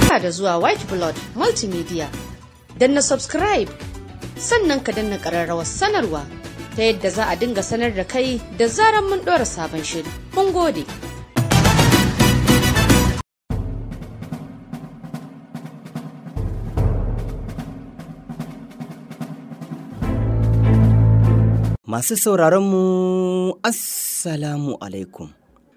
Barka da zuwa White Blood Multimedia. Danna subscribe, sannan ka danna ƙararrawar sanarwa ta yadda za a dinga sanar da kai da zaran mun ɗora sabon shiri. Mun gode. Masu sauraronmu, Assalamu alaikum.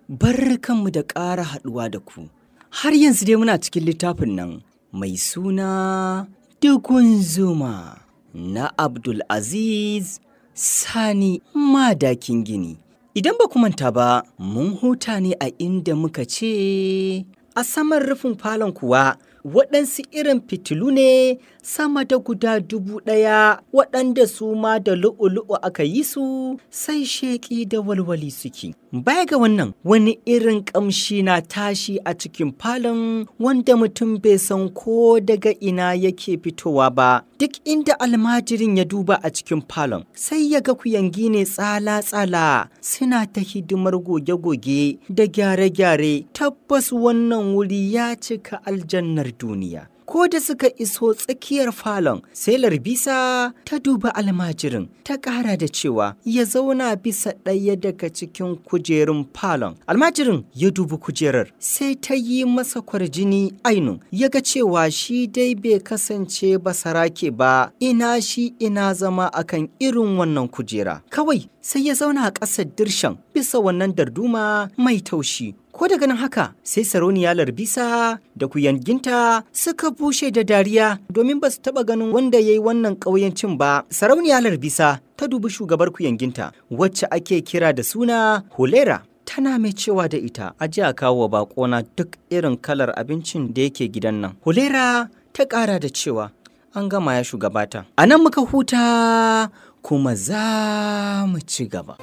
Barkanmu da ƙara haɗuwa da ku. har yanzu dai muna cikin littafin nan mai suna Dukun Zuma na Abdul Aziz Sani Madakin Gini. Idan ba manta ba, mun huta ne a inda muka ce, a saman rufin falon kuwa waɗansu irin fitilu ne sama da guda dubu ɗaya waɗanda su ma da lu'u-lu'u aka yi su sai sheƙi da walwali suke. Baya ga wannan wani irin ƙamshi na tashi a cikin falon wanda mutum bai san ko daga ina yake fitowa ba. Duk inda almajirin ya duba a cikin falon sai ya ga kuyangi ne tsala-tsala suna ta hidimar goge-goge da gyare-gyare tabbas wannan wuri ya cika aljannar tsakiyar duniya. Ko da suka iso tsakiyar falon, sai Larbisa ta duba almajirin, ta ƙara da cewa ya zauna bisa ɗaya daga cikin kujerun falon. Almajirin ya dubi kujerar, sai ta yi masa kwarjini ainun, ya ga cewa shi dai bai kasance ba basarake ba, ina shi ina zama akan irin wannan kujera. Kawai sai ya zauna a ƙasar dirshan bisa wannan darduma mai taushi. Ko da ganin haka sai sarauniya larbisa da kuyanginta suka bushe da dariya domin ba su taɓa ganin wanda ya yi wannan ƙauyancin ba. Sarauniya larbisa ta dubi shugabar kuyanginta wacce ake kira da suna Holera. tana mai cewa da ita a ji a kawo baƙona duk irin kalar abincin da yake gidan nan. Hulera ta ƙara da cewa an gama ya shugabata. A nan muka huta kuma za mu ci gaba.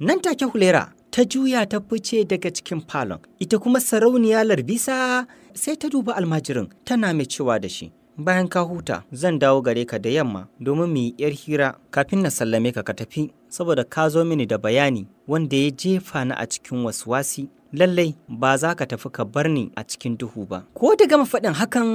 Nan take hulera ta juya ta fice daga cikin falon, ita kuma sarauniya larbisa sai ta duba almajirin tana mai cewa da shi. Bayan ka huta zan dawo gare ka da yamma domin mu yi ‘yar hira kafin na sallame ka ka tafi saboda ka zo mini da bayani wanda ya jefa ni a cikin wasu wasi lallai ba za ka tafi ka bar ni a cikin duhu ba ko ta gama faɗin hakan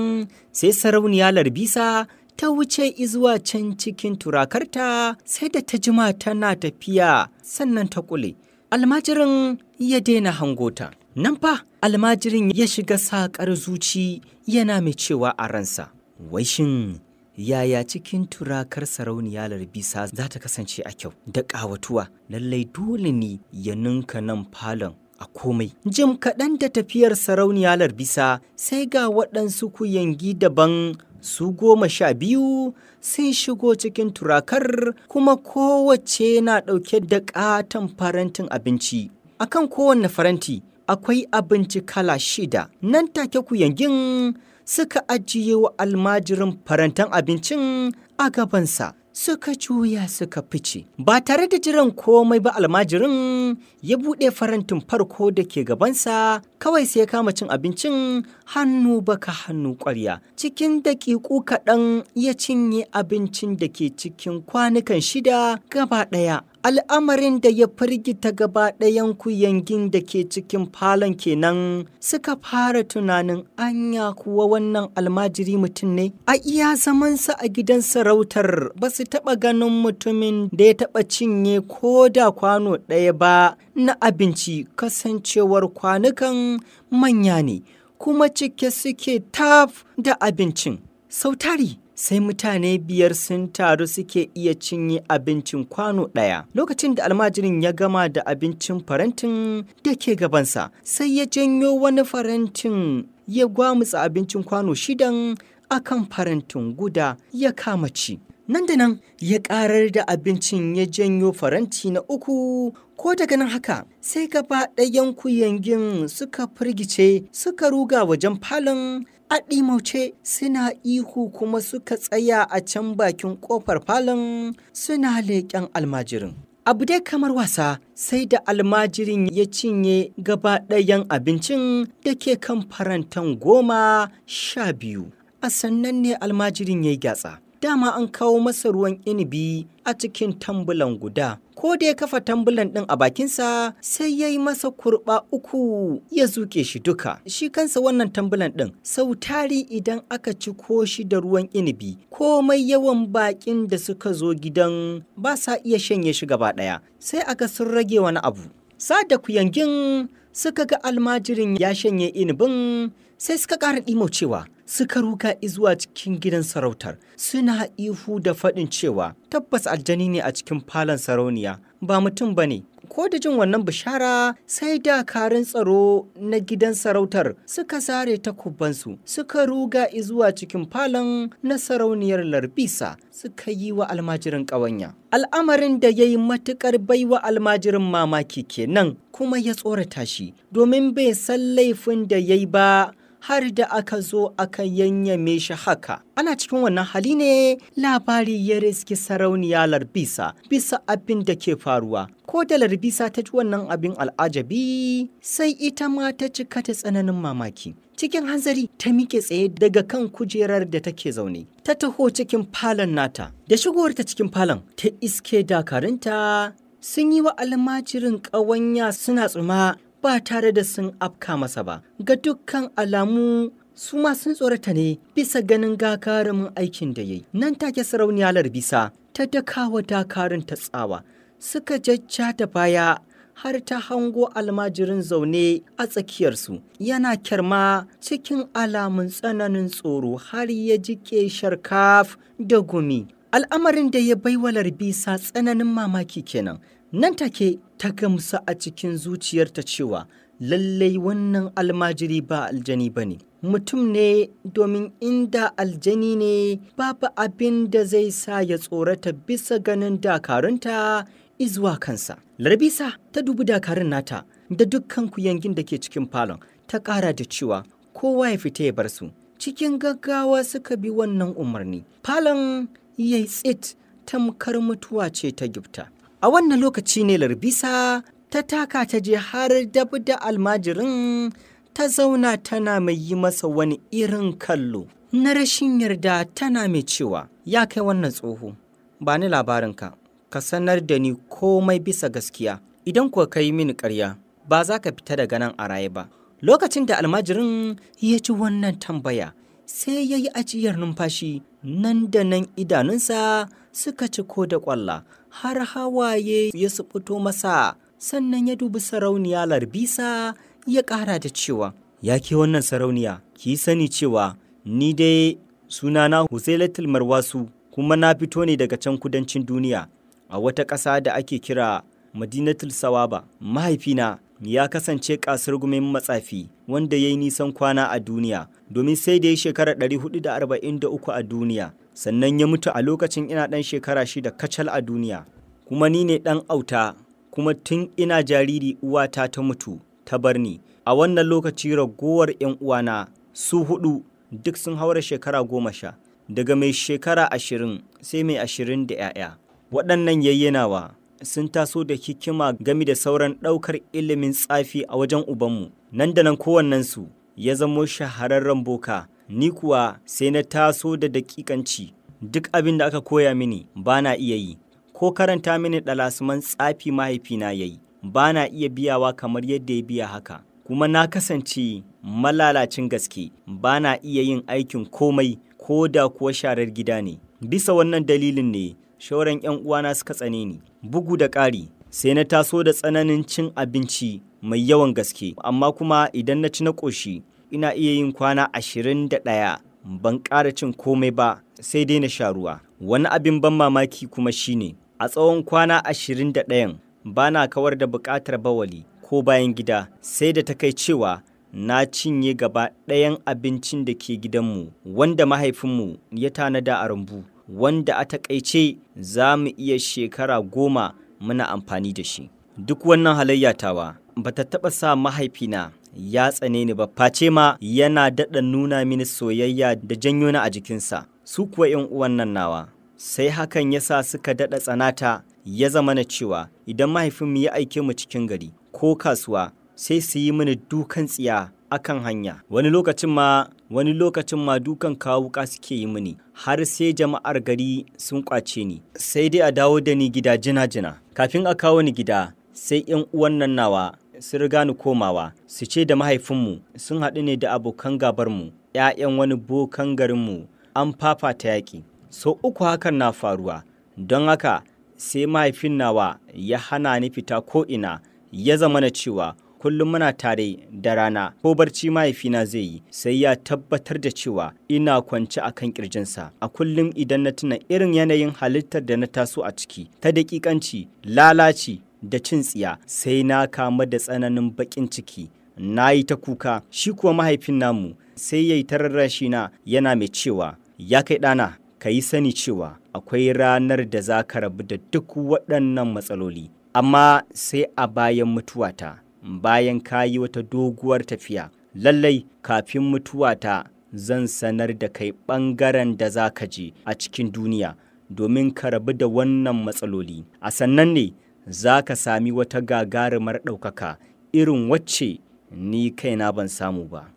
sai sarauniya larbisa ta wuce izuwa can cikin turakarta sai da ta jima tana tafiya sannan ta kule almajirin ya daina hangota nan fa almajirin ya shiga saƙar zuci yana mai cewa a ransa wai shin yaya cikin turakar sarauniya larbisa za ta kasance a kyau da ƙawatuwa lallai dole ne ya ninka nan falon a komai. Jim kaɗan da tafiyar sarauniya larbisa sai ga waɗansu kuyangi daban su goma sha biyu sun shigo cikin turakar kuma kowace na ɗauke da ƙaton farantin abinci. Akan kowane faranti akwai abinci kala shida nan take yangin, suka ajiye wa almajirin farantan abincin a gabansa suka juya suka fice. Ba tare da jiran komai ba almajirin ya buɗe farantin farko da ke gabansa kawai sai kama cin abincin hannu baka hannu ƙwarya. Cikin daƙiƙu kaɗan ya cinye abincin da ke cikin kwanukan shida gaba ɗaya. al'amarin da ya firgita gaba ɗayan yangin da ke cikin falon kenan suka fara tunanin anya kuwa wannan almajiri mutum ne a iya zamansa a gidan sarautar ba su taɓa ganin mutumin da ya taɓa cinye ko da kwano ɗaya ba na abinci kasancewar kwanukan manya ne kuma cike suke taf da abincin sautari sai mutane biyar sun taru suke iya cinye abincin kwano ɗaya. Lokacin da almajirin ya gama da abincin farantin da ke gabansa, sai ya janyo wani farantin ya gwamutsa abincin kwano shidan akan farantin guda ya kama ci. Nan da nan ya ƙarar da abincin ya janyo faranti na uku ko daga nan haka sai gaba ɗayan kuyangin suka firgice suka ruga wajen falon Aɗimauce mauce suna ihu kuma suka tsaya a can bakin ƙofar falon suna leƙen almajirin. Abu dai kamar wasa sai da almajirin ya cinye gaba ɗayan abincin da ke kan farantan goma sha biyu. A sannan ne almajirin ya yi gyatsa. dama an kawo masa ruwan inibi a cikin tambulan guda ko da ya kafa tambulan ɗin a bakinsa sai ya yi masa kurɓa uku ya zuke shi duka shi kansa wannan tambulan ɗin sau tari idan aka ci ko shi da ruwan inibi komai yawan bakin da suka zo gidan ba sa iya shanye shi gaba ɗaya sai aka sun rage wani abu sada yangin. suka ga almajirin ya shanye inibin sai suka ƙara ɗimo cewa suka ruga izuwa cikin gidan sarautar suna ihu da faɗin cewa tabbas aljani ne a cikin falon sarauniya ba mutum ba ne ko da jin wannan bishara sai da karin tsaro na gidan sarautar suka zare takubansu suka ruga izuwa cikin falon na sarauniyar larbisa suka yi wa almajirin ƙawanya al'amarin da ya yi matuƙar baiwa almajirin mamaki kenan kuma ya tsorata shi domin bai san laifin da ya yi ba har da aka zo aka yanyame shi haka. Ana cikin wannan hali ne labari ya riski sarauniya Larbisa bisa abin da ke faruwa. Ko da Larbisa ta ji wannan abin al'ajabi sai ita ma ta cika ta tsananin mamaki. Cikin hanzari ta miƙe tsaye daga kan kujerar da take zaune, ta taho cikin falon nata. Da shigowar ta cikin falon, ta iske dakarunta sun yi wa almajirin ƙawanya suna tsuma ba tare da sun afka masa ba ga dukkan alamu su ma sun tsorata ne bisa ganin gagarumin aikin da ya yi nan take sarauniya larbisa ta dakawa dakarun ta tsawa suka jajja da baya har ta hango almajirin zaune a tsakiyarsu yana kyarma cikin alamun tsananin tsoro har ya ji sharkaf da gumi al'amarin da ya baiwa larbisa tsananin mamaki kenan nan take ta gamsa a cikin zuciyarta cewa lallai wannan almajiri ba aljani ba ne mutum ne domin inda aljani ne babu abin da zai sa ya tsorata bisa ganin dakarunta izuwa kansa larbisa ta dubi dakarun nata da dukkan kuyangin da ke cikin falon ta ƙara da cewa kowa ya fita ya bar su cikin gaggawa suka bi wannan umarni falon ya tsit tamkar mutuwa ce ta gifta A wannan lokaci ne Larbisa ta taka ta je har dabu da almajirin ta zauna tana mai yi masa wani irin kallo. Na rashin yarda tana mai cewa, ya kai wannan tsoho, ba ni labarinka, ka sanar da ni komai bisa gaskiya, idan kuwa ka yi mini karya, ba za ka fita daga nan a raye ba. Lokacin da almajirin ya ji wannan tambaya, sai ya yi ajiyar numfashi nan da nan idanunsa suka ci ko da ƙwalla har hawaye ya su fito masa sannan ya dubi sarauniya larbisa ya ƙara da cewa ya ke wannan sarauniya ki sani cewa ni dai sunana Husailatul Marwasu kuma na fito ne daga can kudancin duniya a wata ƙasa da ake kira Madinatul Sawaba mahaifina ya kasance kasar gumin matsafi wanda ya yi nisan kwana a duniya domin sai da ya shekara 443 a duniya sannan ya mutu a lokacin ina ɗan shekara shida kacal a duniya kuma ni ne ɗan auta kuma tun ina jariri uwata ta mutu ta bar ni a wannan lokaci ragowar 'yan uwana su hudu duk sun haura shekara goma sha daga mai shekara ashirin sai mai ashirin da 'ya'ya waɗannan yayyanawa sun taso da hikima game da sauran ɗaukar ilimin tsafi a wajen ubanmu nan da nan kowannensu ya zamo shahararren boka ni kuwa sai na taso da dakikanci duk abin da aka koya mini ba na iya yi ko karanta mini ɗalasman tsafi mahaifina ya yi ba na iya biyawa kamar yadda ya biya haka kuma na kasance malalacin gaske ba na iya yin aikin komai ko da kuwa sharar gida ne bisa wannan dalilin ne shauran 'yan uwana suka tsane ni bugu da ƙari sai na taso da tsananin cin abinci mai yawan gaske amma kuma idan na ci na ƙoshi ina iya yin kwana ashirin da ɗaya ban ƙara cin komai ba sai dai na sha ruwa wani abin ban mamaki kuma shine a tsawon kwana ashirin da ɗayan ba na kawar da buƙatar bawali ko bayan gida sai da ta kai cewa na cinye gaba ɗayan abincin da ke gidanmu wanda mahaifinmu ya tanada a rumbu wanda a takaice za mu iya shekara goma muna amfani da shi duk wannan halayyatawa ba ta taɓa sa mahaifina ya tsane ni ba face ma yana daɗa nuna mini soyayya da janyo na a jikinsa su kuwa yan uwan nan nawa sai hakan ya sa suka daɗa tsanata ya zama na cewa idan mahaifinmu ya aike mu cikin gari ko kasuwa sai su yi mini dukan tsiya akan hanya wani lokacin ma wani lokacin ma dukan kawo wuka suke yi mini har sai jama'ar gari sun kwace ni sai dai a dawo da ni gida jina-jina kafin a kawo ni gida sai yan uwan nan nawa sun riga ni komawa su ce da mahaifinmu sun haɗu ne da abokan gabar mu. ‘ya'yan wani bokan garinmu an fafata yaƙi so uku hakan na faruwa don haka sai mahaifin nawa ya hana ni fita ko'ina ya zama na cewa kullum muna tare da rana ko barci mahaifina zai yi sai ya tabbatar da cewa ina kwance a kan kirjinsa a kullum idan na tuna irin yanayin halittar da na taso a ciki ta daƙiƙanci lalaci da cin tsiya sai na kama da tsananin baƙin ciki na yi ta kuka shi kuwa mahaifin namu sai ya yi tararrashi na yana mai cewa ya kai ɗana ka yi sani cewa akwai ranar da za ka rabu da duk waɗannan matsaloli amma sai a bayan mutuwata bayan ka yi wata doguwar tafiya lallai kafin mutuwata zan sanar da kai ɓangaren da za ka je a cikin duniya domin ka rabu da wannan matsaloli a sannan ne za ka sami wata gagarumar ɗaukaka irin wacce ni kaina ban samu ba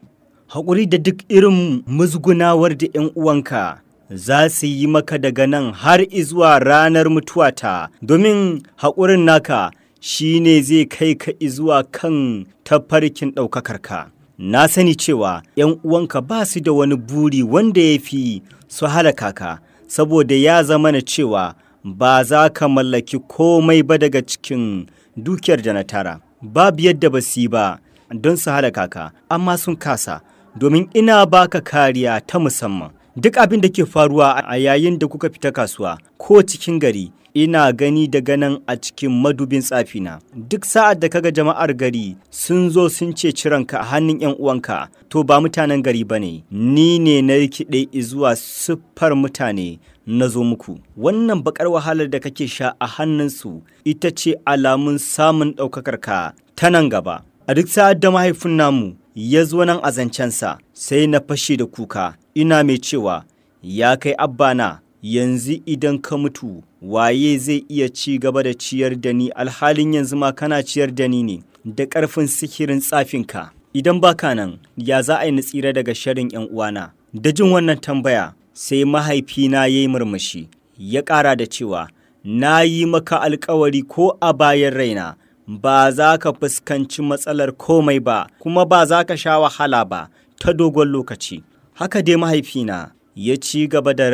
haƙuri da duk irin musgunawar da 'yan uwanka za su yi maka daga nan har izuwa ranar mutuwata domin haƙurin naka shi ne zai kai ka izuwa kan tafarkin ɗaukakarka. Na sani cewa ‘yan uwanka ba su da wani buri wanda ya fi su halaka ka, saboda ya zama na cewa ba za ka mallaki komai ba daga cikin dukiyar da na tara. Babu yadda ba su ba don su halaka ka, amma sun kasa, domin ina baka kariya ta musamman. Duk abin da ke faruwa a yayin da kuka fita kasuwa ko cikin gari ina gani daga nan a cikin madubin tsafina duk sa'ad da kaga jama'ar gari sun zo sun ce ciranka a hannun yan uwanka to ba mutanen gari ba ne ni ne na rikide zuwa siffar mutane na zo muku wannan bakar wahalar da kake sha a hannunsu ita ce alamun samun ɗaukakar ka ta nan gaba a duk sa'ad da mahaifin namu ya zo nan a zancensa sai na fashe da kuka ina mai cewa ya kai abbana yanzu idan ka mutu waye zai iya ci gaba da ciyar da ni alhalin yanzu ma kana ciyar da ni ne da ƙarfin sihirin tsafinka idan baka nan ya za a yi na tsira daga sharin yan uwana da jin wannan tambaya sai mahaifina ya yi murmushi ya ƙara da cewa na yi maka alkawari ko a bayan raina ba za ka fuskanci matsalar komai ba kuma ba za ka sha wahala ba ta dogon lokaci haka dai mahaifina ya ci gaba da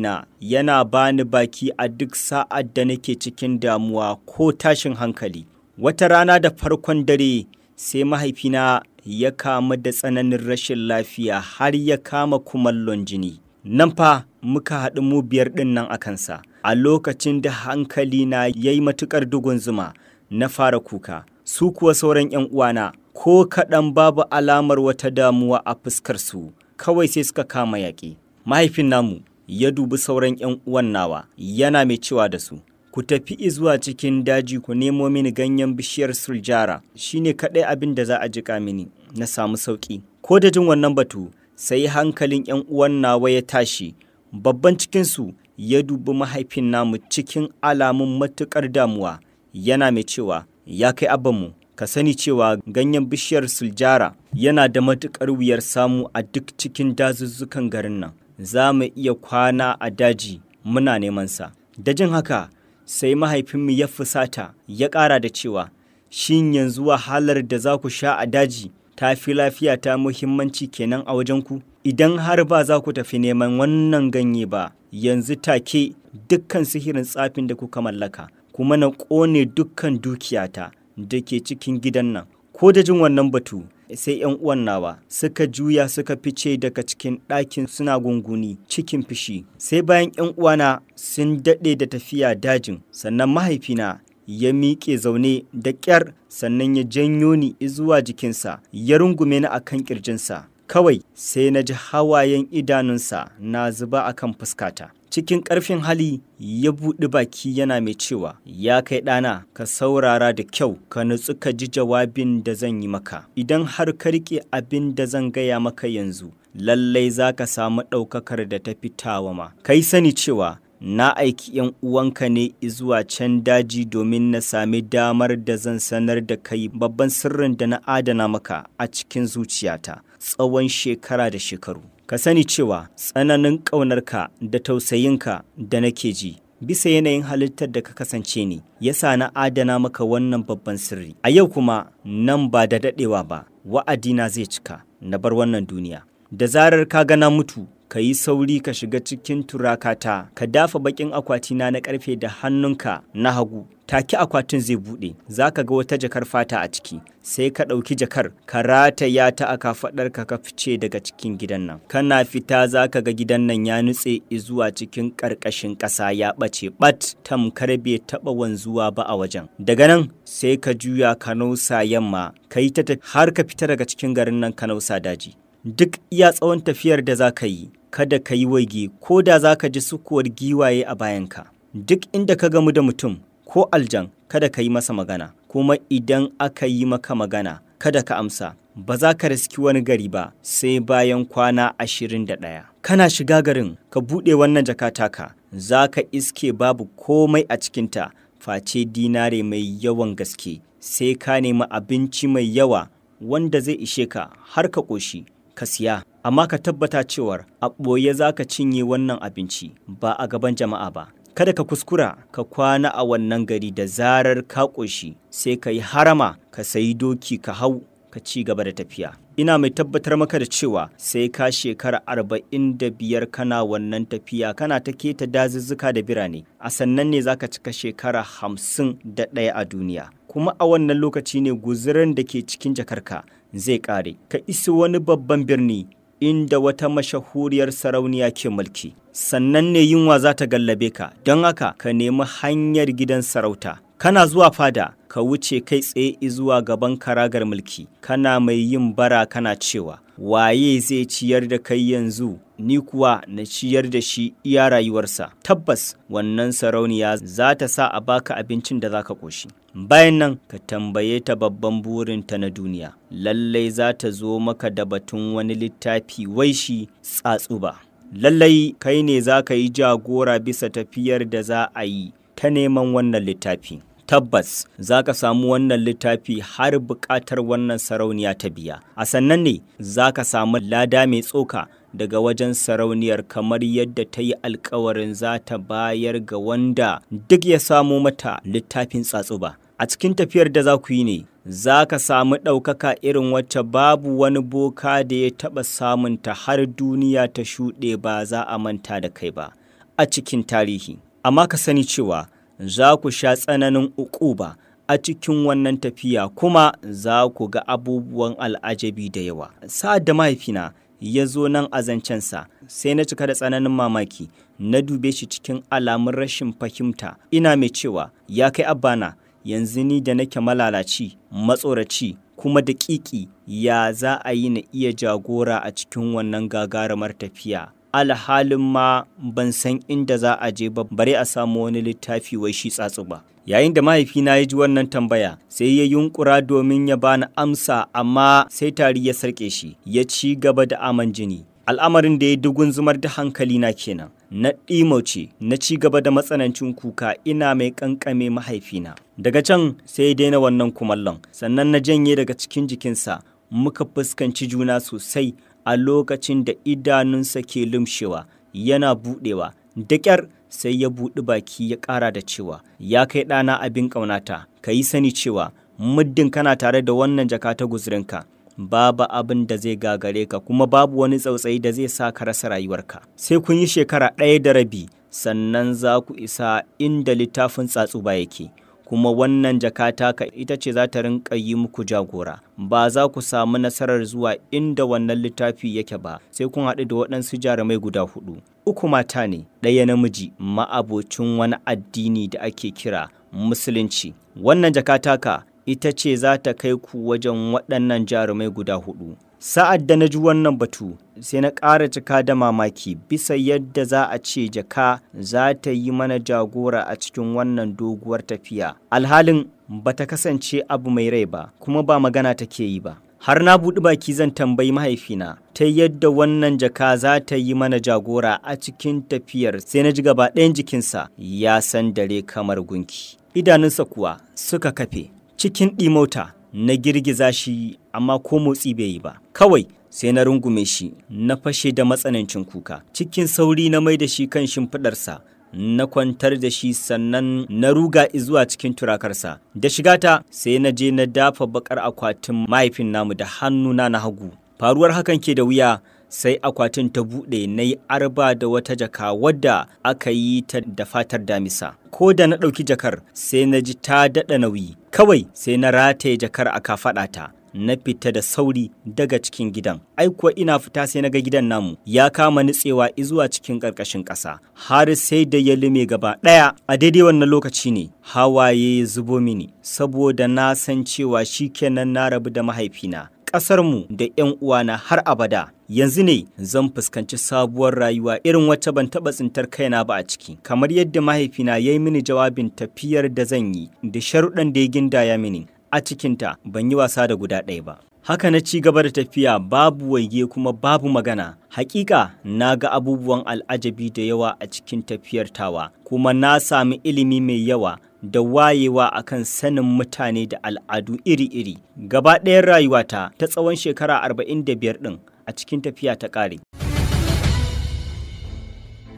na yana ba ni baki a duk sa'ad da nake cikin damuwa ko tashin hankali wata rana da farkon dare sai mahaifina ya kamu da tsananin rashin lafiya har ya kama kumallon jini nan fa muka haɗu mu biyar ɗin nan a kansa a lokacin da hankali na ya yi matuƙar dugun zuma na fara kuka su kuwa sauran 'yan uwana ko kaɗan babu alamar wata damuwa a fuskarsu kawai sai suka kama yaƙi mahaifin namu ya dubi sauran 'yan uwan nawa yana mai cewa da su ku tafi zuwa cikin daji ku nemo mini ganyen bishiyar suljara shine kaɗai abin da za a jika mini na samu sauki. ko da jin wannan batu sai hankalin 'yan uwan nawa ya tashi babban cikinsu ya dubi mahaifin namu cikin alamun matukar damuwa yana mai cewa ya kai abanmu ka sani cewa ganyen bishiyar suljara yana da matukar wuyar samu a duk cikin dazuzzukan garin nan za mu iya kwana a daji muna neman sa da jin haka sai mahaifinmu ya fusata ya ƙara da cewa shin yanzu wahalar da za ku sha a daji ta fi lafiya ta muhimmanci kenan a wajenku idan har ba za ku tafi neman wannan ganye ba yanzu take dukkan sihirin tsafin da kuka mallaka kuma na ƙone dukkan dukiyata da ke cikin gidan nan ko da jin wannan batu sai ‘yan uwan nawa suka juya suka fice daga cikin ɗakin suna gunguni cikin fishi sai bayan ‘yan uwana sun daɗe da tafiya dajin sannan mahaifina ya miƙe zaune da ƙyar sannan ya janyo ni zuwa jikinsa ya rungume ni akan ƙirjinsa kawai sai na ji hawayen idanunsa na zuba akan fuskata cikin ƙarfin hali ya buɗe baki yana mai cewa ya kai ɗana ka saurara da kyau ka nutsu ka ji jawabin da zan yi maka idan har ka riƙe abin da zan gaya maka yanzu lallai za ka samu ɗaukakar da ta fitawa ma kai sani cewa na aiki yan uwanka ne zuwa can daji domin na sami damar da zan sanar da kai babban sirrin da na adana maka a cikin zuciyata tsawon shekara da shekaru ka sani cewa tsananin ƙaunarka da tausayinka da nake ji bisa yanayin halittar da ka kasance ni yasa na adana maka wannan babban sirri a yau kuma nan ba da daɗewa ba wa'adina zai cika na bar wannan duniya da zarar ka gana mutu ka yi sauri ka shiga cikin turakata ka dafa bakin akwatina na ƙarfe da hannunka na hagu Taki akwatin zai buɗe zaka ga wata jakar fata a ciki sai ka ɗauki jakar ka rataya ta a faɗar ka ka fice daga cikin gidan nan kana fita za ka ga gidan nan ya nutse zuwa cikin ƙarƙashin ƙasa ya ɓace ɓat tamkar bai taɓa wanzuwa ba a wajen daga nan sai ka juya ka nausa yamma ka yi ta har ka fita daga cikin garin nan ka nausa daji duk iya tsawon tafiyar da za ka yi kada ka yi waige ko da za ka ji sukuwar giwaye a bayanka duk inda ka gamu da mutum ko aljan kada ka yi masa magana kuma idan aka yi maka magana kada ka amsa ba za ka riski wani gari ba sai bayan kwana ashirin da ɗaya kana shiga garin ka buɗe wannan jaka taka za ka iske babu komai a cikinta face dinare mai yawan gaske sai ka nemi abinci mai yawa wanda zai ishe ka har ka ƙoshi ka siya amma ka tabbata cewar a ɓoye za ka cinye wannan abinci ba a gaban jama'a ba kada ka kuskura ka kwana a wannan gari da zarar ka ƙoshi sai ka yi harama ka sayi doki ka hau ka ci gaba da tafiya ina mai tabbatar maka da cewa sai ka shekara arba'in da biyar kana wannan tafiya kana ta keta dazuzzuka da birane a sannan ne zaka cika shekara hamsin da ɗaya a duniya kuma a wannan lokaci ne guzuran da ke cikin jakarka zai ƙare ka isi wani babban birni inda wata mashahuriyar sarauniya ke mulki sannan ne yunwa za ta gallabe ka don haka ka nemi hanyar gidan sarauta kana zuwa fada ka wuce kai tsaye zuwa gaban karagar mulki kana mai yin bara kana cewa waye zai ciyar da kai yanzu ni kuwa na ciyar da shi iya rayuwarsa tabbas wannan sarauniya za ta sa a baka abincin da za ka ƙoshi bayan nan ka tambaye ta babban burinta na duniya lallai za ta zo maka da batun wani littafi wai shi tsatsuba lallai kai ne za ka yi jagora bisa tafiyar da za a yi ta neman wannan littafi tabbas za ka samu wannan littafi har buƙatar wannan sarauniya ta biya a sannan ne za ka samu lada mai tsoka daga wajen sarauniyar kamar yadda ta yi alkawarin za ta bayar ga wanda duk ya samu mata littafin tsatsuba a cikin tafiyar da za ku yi ne za ka samu ɗaukaka irin wacce babu wani boka da ya taɓa samunta har duniya ta shuɗe ba za a manta da kai ba a cikin tarihi amma ka sani cewa za ku sha tsananin ba a cikin wannan tafiya kuma za ku ga abubuwan al'ajabi da yawa sa'ad da mahaifina ya zo nan a zancensa sai na cika da tsananin mamaki na dube shi cikin alamun rashin fahimta ina mai cewa ya kai abana. yanzu ni da nake malalaci matsoraci kuma da ƙiƙi ya za a yi na iya jagora a cikin wannan gagarumar tafiya alhalin ma ban san inda za a je ba bare a samu wani littafi wai shi tsatsu ba yayin da mahaifina ya ji wannan tambaya sai ya yunkura domin ya bani amsa amma sai tari ya sarƙe shi ya ci gaba da aman jini al'amarin da ya dugun zumar da hankali na kenan na ɗimauce, na ci gaba da matsanancin kuka ina mai ƙanƙame mahaifina daga can sai daina wannan kumallon sannan na janye daga cikin jikinsa muka fuskanci juna sosai a lokacin da idanunsa ke lumshewa yana buɗewa da ƙyar sai ya buɗi baki ya ƙara da cewa ya kai ɗana abin ƙaunata ka yi sani cewa muddin kana tare da wannan jaka ta guzurinka babu abin da zai gagare ka kuma babu wani tsautsayi da zai sa ka rasa rayuwarka sai kun yi shekara ɗaya da rabi sannan za ku isa inda littafin tsatsuba yake kuma wannan jaka taka ita ce za ta rinka yi muku jagora ba za ku samu nasarar zuwa inda wannan littafi yake ba sai kun haɗu da waɗansu jarumai guda hudu uku mata ne ɗaya namiji ma'abocin wani addini da ake kira musulunci wannan jaka ita ce za ta kai ku wajen waɗannan jarumai guda hudu. Sa'ad da na ji wannan batu, sai na ƙara cika da mamaki bisa yadda za a ce jaka za ta yi mana jagora a cikin wannan doguwar tafiya. Alhalin ba ta kasance abu mai rai ba, kuma ba magana take yi ba. Har na buɗi baki zan tambayi mahaifina, ta yadda wannan jaka za ta yi mana jagora a cikin tafiyar sai na ji gaba ɗayan jikinsa ya san dare kamar gunki. Idanunsa kuwa suka kafe. cikin ɗimauta na girgiza shi amma ko motsi bai yi ba kawai sai na rungume shi na fashe da matsanancin kuka cikin sauri na mai da shi kan shimfiɗarsa na kwantar da shi sannan na ruga zuwa cikin turakarsa da shigata sai na je na dafa bakar akwatin mahaifin namu da hannuna na hagu faruwar hakan ke da wuya sai akwatin ta buɗe na yi arba da wata jaka wadda aka yi ta da fatar damisa ko da na ɗauki jakar sai na ji ta daɗa nauyi Kawai sai na rataye jakar a kafaɗata na fita da sauri daga cikin gidan. Ai kuwa ina fita sai na ga gidan namu ya kama nitsewa izuwa cikin ƙarƙashin ƙasa har sai da ya lume gaba ɗaya a daidai wannan lokaci ne hawaye ya zubo mini saboda na san cewa shikenan na rabu da mahaifina ƙasarmu da 'yan uwana har abada. yanzu ne zan fuskanci sabuwar rayuwa irin wacce ban taɓa tsintar kaina ba a ciki kamar yadda mahaifina ya yi mini jawabin tafiyar da zan yi da sharuɗan da ya gindaya mini a cikinta ban yi wasa da guda ɗaya ba haka na ci gaba da tafiya babu waige kuma babu magana hakika na ga abubuwan al'ajabi da yawa a cikin tafiyar tawa kuma na sami ilimi mai yawa da wayewa akan sanin mutane da al'adu iri-iri gaba ɗayan rayuwata ta tsawon shekara arba'in da biyar ɗin a cikin tafiya ta ƙare.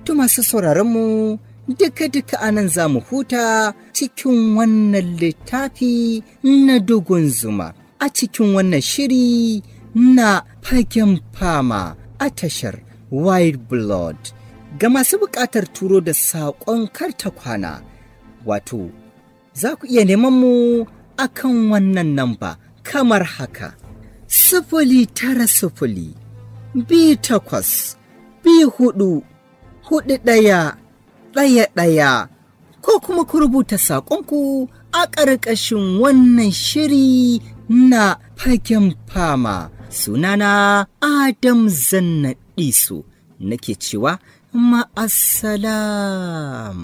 To masu sauraronmu duka-duka a nan za mu huta cikin wannan littafi na dogon zuma a cikin wannan shiri na fagen fama a tashar wild blood ga masu buƙatar turo da saƙon karta kwana wato za ku iya neman mu akan wannan namba kamar haka Sufuli tara sufuli. bi takwas bi hudu hudu ɗaya ɗaya ɗaya ko kuma ku rubuta saƙonku a ƙarƙashin wannan shiri na fagen fama sunana Adam Zannaɗisu nake cewa ma'assalam.